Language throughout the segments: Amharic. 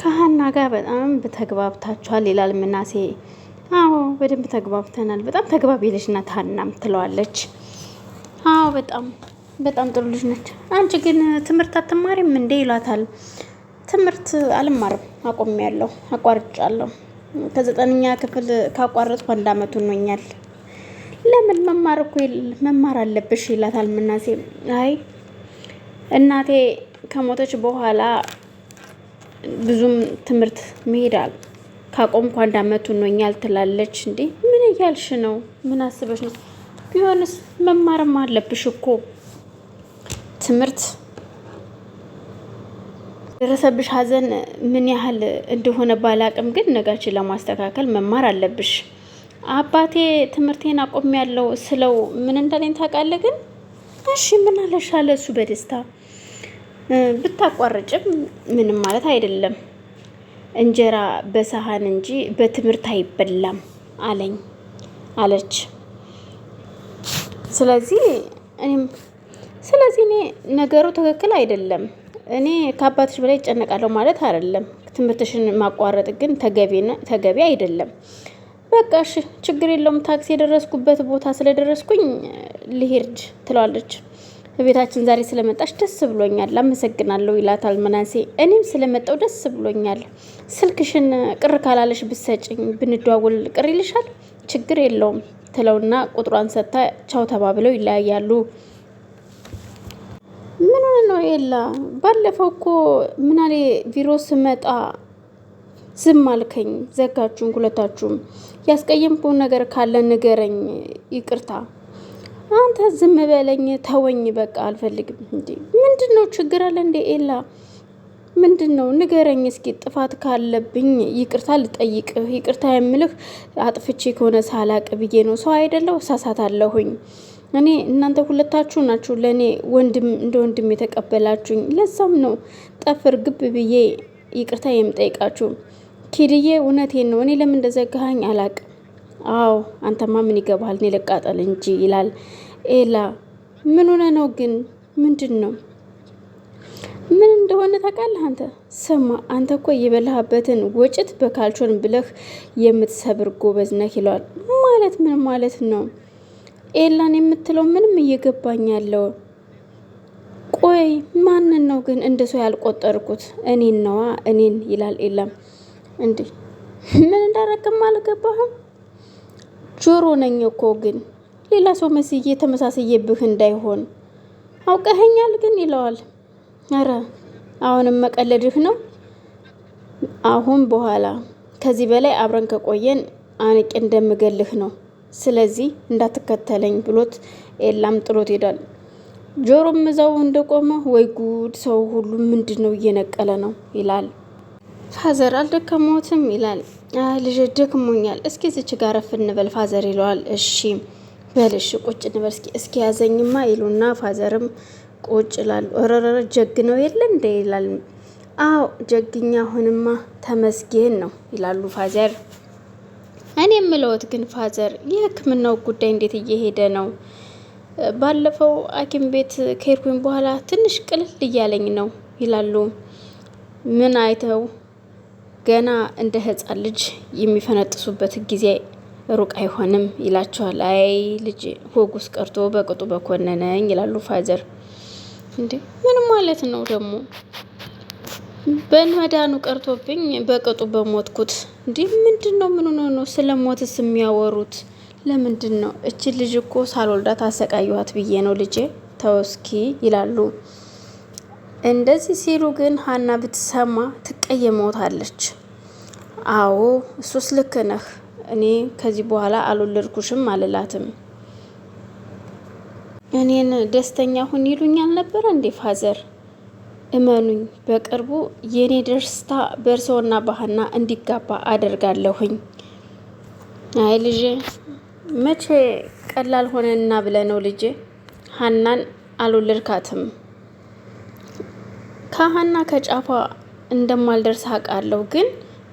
ከሀና ጋር በጣም ተግባብታችኋል ይላል ምናሴ። አዎ በደንብ ተግባብተናል። በጣም ተግባቢ ልጅ ናት ሀናም ትለዋለች። አዎ በጣም በጣም ጥሩ ልጅ ነች። አንቺ ግን ትምህርት አትማሪም እንዴ ይሏታል። ትምህርት አልማርም አቆሚያለሁ፣ አቋርጫለሁ። ከዘጠነኛ ክፍል ካቋረጥኩ አንድ አመቱ ሆኖኛል። ለምን መማር እኮ መማር አለብሽ ይላታል ምናሴ። አይ እናቴ ከሞተች በኋላ ብዙም ትምህርት መሄድ ካቆምኩ አንድ አመት ሆኖኛል ትላለች። እንዴ ምን እያልሽ ነው? ምን አስበሽ ነው? ቢሆንስ መማርም አለብሽ እኮ ትምህርት ደረሰብሽ ሀዘን ምን ያህል እንደሆነ ባላቅም፣ ግን ነጋችን ለማስተካከል መማር አለብሽ። አባቴ ትምህርቴን አቆም ያለው ስለው ምን እንዳለኝ ታውቃለህ? ግን እሺ ምን አለሽ አለ እሱ በደስታ ብታቋርጭም ምንም ማለት አይደለም። እንጀራ በሰሃን እንጂ በትምህርት አይበላም አለኝ አለች። ስለዚህ እኔም ስለዚህ እኔ ነገሩ ትክክል አይደለም። እኔ ከአባትሽ በላይ ይጨነቃለሁ ማለት አይደለም። ትምህርትሽን ማቋረጥ ግን ተገቢ አይደለም። በቃሽ ችግር የለውም ታክሲ የደረስኩበት ቦታ ስለደረስኩኝ ልሄድ ትለዋለች። በቤታችን ዛሬ ስለመጣሽ ደስ ብሎኛል፣ አመሰግናለሁ ይላታል መናሴ። እኔም ስለመጣው ደስ ብሎኛል። ስልክሽን ቅር ካላለሽ ብሰጭኝ ብንደዋወል ቅር ይልሻል? ችግር የለውም ትለውና ቁጥሯን ሰጥታ ቻው ተባብለው ይለያያሉ። ምን ነው የላ ባለፈው እኮ ምናሌ ቢሮ ስመጣ ዝም አልከኝ፣ ዘጋችሁም ሁለታችሁም። ያስቀየምኩ ነገር ካለ ንገረኝ፣ ይቅርታ አንተ ዝም በለኝ ተወኝ፣ በቃ አልፈልግም። እንዴ ምንድን ነው ችግር አለ እንዴ? ኤላ ምንድን ነው ንገረኝ እስኪ። ጥፋት ካለብኝ ይቅርታ ልጠይቅህ። ይቅርታ የምልህ አጥፍቼ ከሆነ ሳላቅ ብዬ ነው። ሰው እሳሳት አለሁኝ እኔ እናንተ ሁለታችሁ ናችሁ ለእኔ ወንድም እንደ ወንድም የተቀበላችሁኝ። ለዛም ነው ጠፍር ግብ ብዬ ይቅርታ የምጠይቃችሁ። ኪድዬ እውነቴን ነው። እኔ ለምን እንደዘጋኸኝ አላቅም። አዎ አንተማ ምን ይገባሃል? እኔ ልቃጠል እንጂ ይላል። ኤላ ምን ሆነ ነው ግን ምንድን ነው? ምን እንደሆነ ታውቃለህ አንተ? ስማ አንተ እኮ የበላህበትን ወጭት በካልቾን ብለህ የምትሰብር ጎበዝ ነህ ይለዋል። ማለት ምን ማለት ነው? ኤላን የምትለው ምንም እየገባኝ ያለው ቆይ ማንን ነው ግን እንደ ሰው ያልቆጠርኩት? እኔን ነዋ እኔን ይላል። ኤላም እንዴ ምን እንዳረግም አልገባህም? ጆሮ ነኝ እኮ ግን ሌላ ሰው መስዬ ተመሳስዬብህ እንዳይሆን አውቀኸኛል ግን ይለዋል። አረ አሁንም መቀለድህ ነው። አሁን በኋላ ከዚህ በላይ አብረን ከቆየን አንቄ እንደምገልህ ነው። ስለዚህ እንዳትከተለኝ ብሎት ኤላም ጥሎት ሄዷል። ጆሮም እዛው እንደቆመ ወይ ጉድ ሰው ሁሉ ምንድን ነው እየነቀለ ነው ይላል። ፋዘር አልደከሞትም ይላል። ልጅ ደክሞኛል፣ እስኪ ዝች ጋር ረፍ እንበል ፋዘር ይለዋል። እሺ በልሽ ቁጭ እንበል እስኪ እስኪ ያዘኝማ ይሉና ፋዘርም ቁጭ ላሉ ረረረ ጀግ ነው የለ እንደ ይላል። አዎ ጀግኛ አሁንማ ተመስጌን ነው ይላሉ ፋዘር። እኔ የምለውት ግን ፋዘር የህክምናው ጉዳይ እንዴት እየሄደ ነው? ባለፈው ሐኪም ቤት ከሄድኩኝ በኋላ ትንሽ ቅልል እያለኝ ነው ይላሉ። ምን አይተው ገና እንደ ህፃን ልጅ የሚፈነጥሱበት ጊዜ ሩቅ አይሆንም ይላቸዋል። አይ ልጅ ሆጉስ ቀርቶ በቅጡ በኮነነኝ ይላሉ ፋዘር። እንዴ ምን ማለት ነው ደግሞ? በመዳኑ ቀርቶብኝ በቅጡ በሞትኩት። እንዲ ምንድን ነው? ምን ሆኖ ነው ስለ ሞትስ የሚያወሩት? ለምንድን ነው? እች ልጅ እኮ ሳልወልዳት አሰቃየኋት ብዬ ነው ልጄ ተወስኪ ይላሉ። እንደዚህ ሲሉ ግን ሀና ብትሰማ ትቀየመውታለች። አዎ እሱስ ልክ ነህ። እኔ ከዚህ በኋላ አልወለድኩሽም አልላትም። እኔን ደስተኛ ሁን ይሉኝ አልነበረ እንዴ ፋዘር? እመኑኝ በቅርቡ የእኔ ደስታ በእርሰውና ባህና እንዲጋባ አደርጋለሁኝ። አይ ልጄ መቼ ቀላል ሆነና ብለ ነው ልጄ። ሀናን አልወለድካትም። ከሀና ከጫፏ እንደማልደርስ አውቃለሁ ግን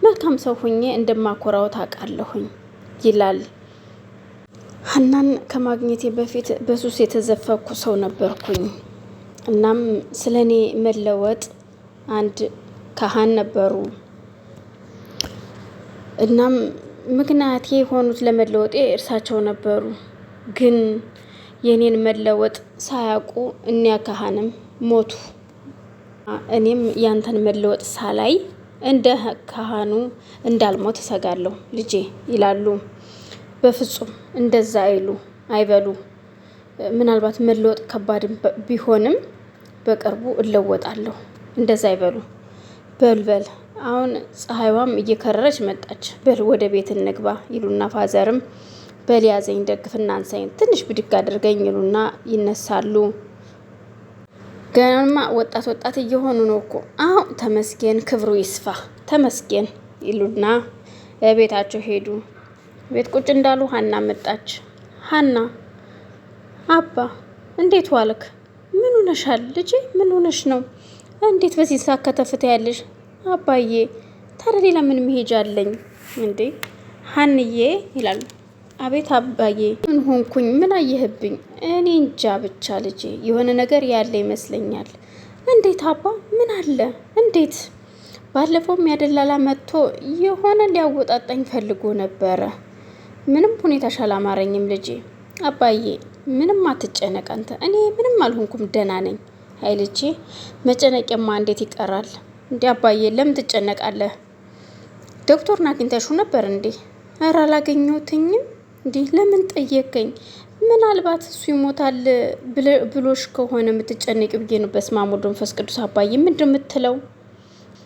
መልካም ሰው ሁኜ እንደማኮራው ታውቃለሁኝ ይላል። ሀናን ከማግኘቴ በፊት በሱስ የተዘፈኩ ሰው ነበርኩኝ። እናም ስለ እኔ መለወጥ አንድ ካህን ነበሩ። እናም ምክንያቴ የሆኑት ለመለወጤ እርሳቸው ነበሩ። ግን የእኔን መለወጥ ሳያውቁ እኒያ ካህንም ሞቱ። እኔም ያንተን መለወጥ ሳላይ እንደ ካህኑ እንዳልሞት እሰጋለሁ ልጄ ይላሉ። በፍጹም እንደዛ አይሉ አይበሉ። ምናልባት መለወጥ ከባድ ቢሆንም በቅርቡ እለወጣለሁ። እንደዛ አይበሉ። በልበል አሁን ፀሐይዋም እየከረረች መጣች። በል ወደ ቤት እንግባ ይሉና ፋዘርም በል ያዘኝ ደግፍና አንሳኝ ትንሽ ብድግ አድርገኝ ይሉና ይነሳሉ። ገናማ ወጣት ወጣት እየሆኑ ነው እኮ አሁን። ተመስገን ክብሩ ይስፋ ተመስገን ይሉና ቤታቸው ሄዱ። ቤት ቁጭ እንዳሉ ሀና መጣች። ሀና አባ እንዴት ዋልክ? ምን ሆነሻል ልጄ? ምን ሆነሽ ነው? እንዴት በዚህ ሰዓት ከተፍታ ያለሽ? አባዬ ታዲያ ሌላ ምን መሄጃ አለኝ እንዴ? ሀንዬ ይላሉ አቤት አባዬ፣ ምን ሆንኩኝ? ምን አየህብኝ? እኔ እንጃ ብቻ ልጄ የሆነ ነገር ያለ ይመስለኛል። እንዴት አባ? ምን አለ? እንዴት? ባለፈውም ያደላላ መጥቶ የሆነ ሊያወጣጣኝ ፈልጎ ነበረ። ምንም ሁኔታሽ አላማረኝም ልጄ። አባዬ፣ ምንም አትጨነቅ አንተ። እኔ ምንም አልሆንኩም፣ ደህና ነኝ። አይ ልጄ፣ መጨነቅማ እንዴት ይቀራል? እንዲ አባዬ፣ ለምን ትጨነቃለህ? ዶክተሩን አግኝተሽው ነበር እንዴ? እረ አላገኘሁትኝም እንዲህ ለምን ጠየቀኝ? ምናልባት እሱ ይሞታል ብሎሽ ከሆነ የምትጨነቂ ብዬ ነው። በስመ አብ ወወልድ ወመንፈስ ቅዱስ። አባዬ ምንድ የምትለው?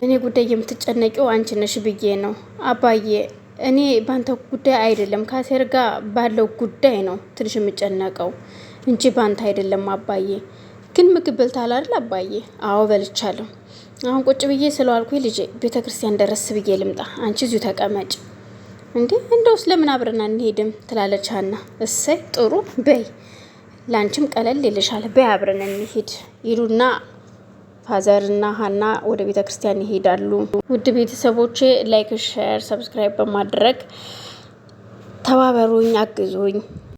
እኔ ጉዳይ የምትጨነቂው አንቺ ነሽ ብዬ ነው አባዬ። እኔ ባንተ ጉዳይ አይደለም፣ ከአሴር ጋር ባለው ጉዳይ ነው ትንሽ የምጨነቀው እንጂ ባንተ አይደለም አባዬ። ግን ምግብ በልተሃል አይደል አባዬ? አዎ በልቻለሁ። አሁን ቁጭ ብዬ ስለዋልኩ ልጄ ቤተ ክርስቲያን ደረስ ብዬ ልምጣ፣ አንቺ እዚሁ ተቀመጭ። እንዴ እንደውስ ለምን አብረን አንሄድም? ትላለች ሀና። እሰይ ጥሩ በይ ላንቺም ቀለል ይልሻል፣ በይ አብረን እንሄድ ይሉና ፋዘርና ሀና ወደ ቤተ ክርስቲያን ይሄዳሉ። ውድ ቤተሰቦቼ ላይክ፣ ሼር፣ ሰብስክራይብ በማድረግ ተባበሩኝ፣ አግዙኝ።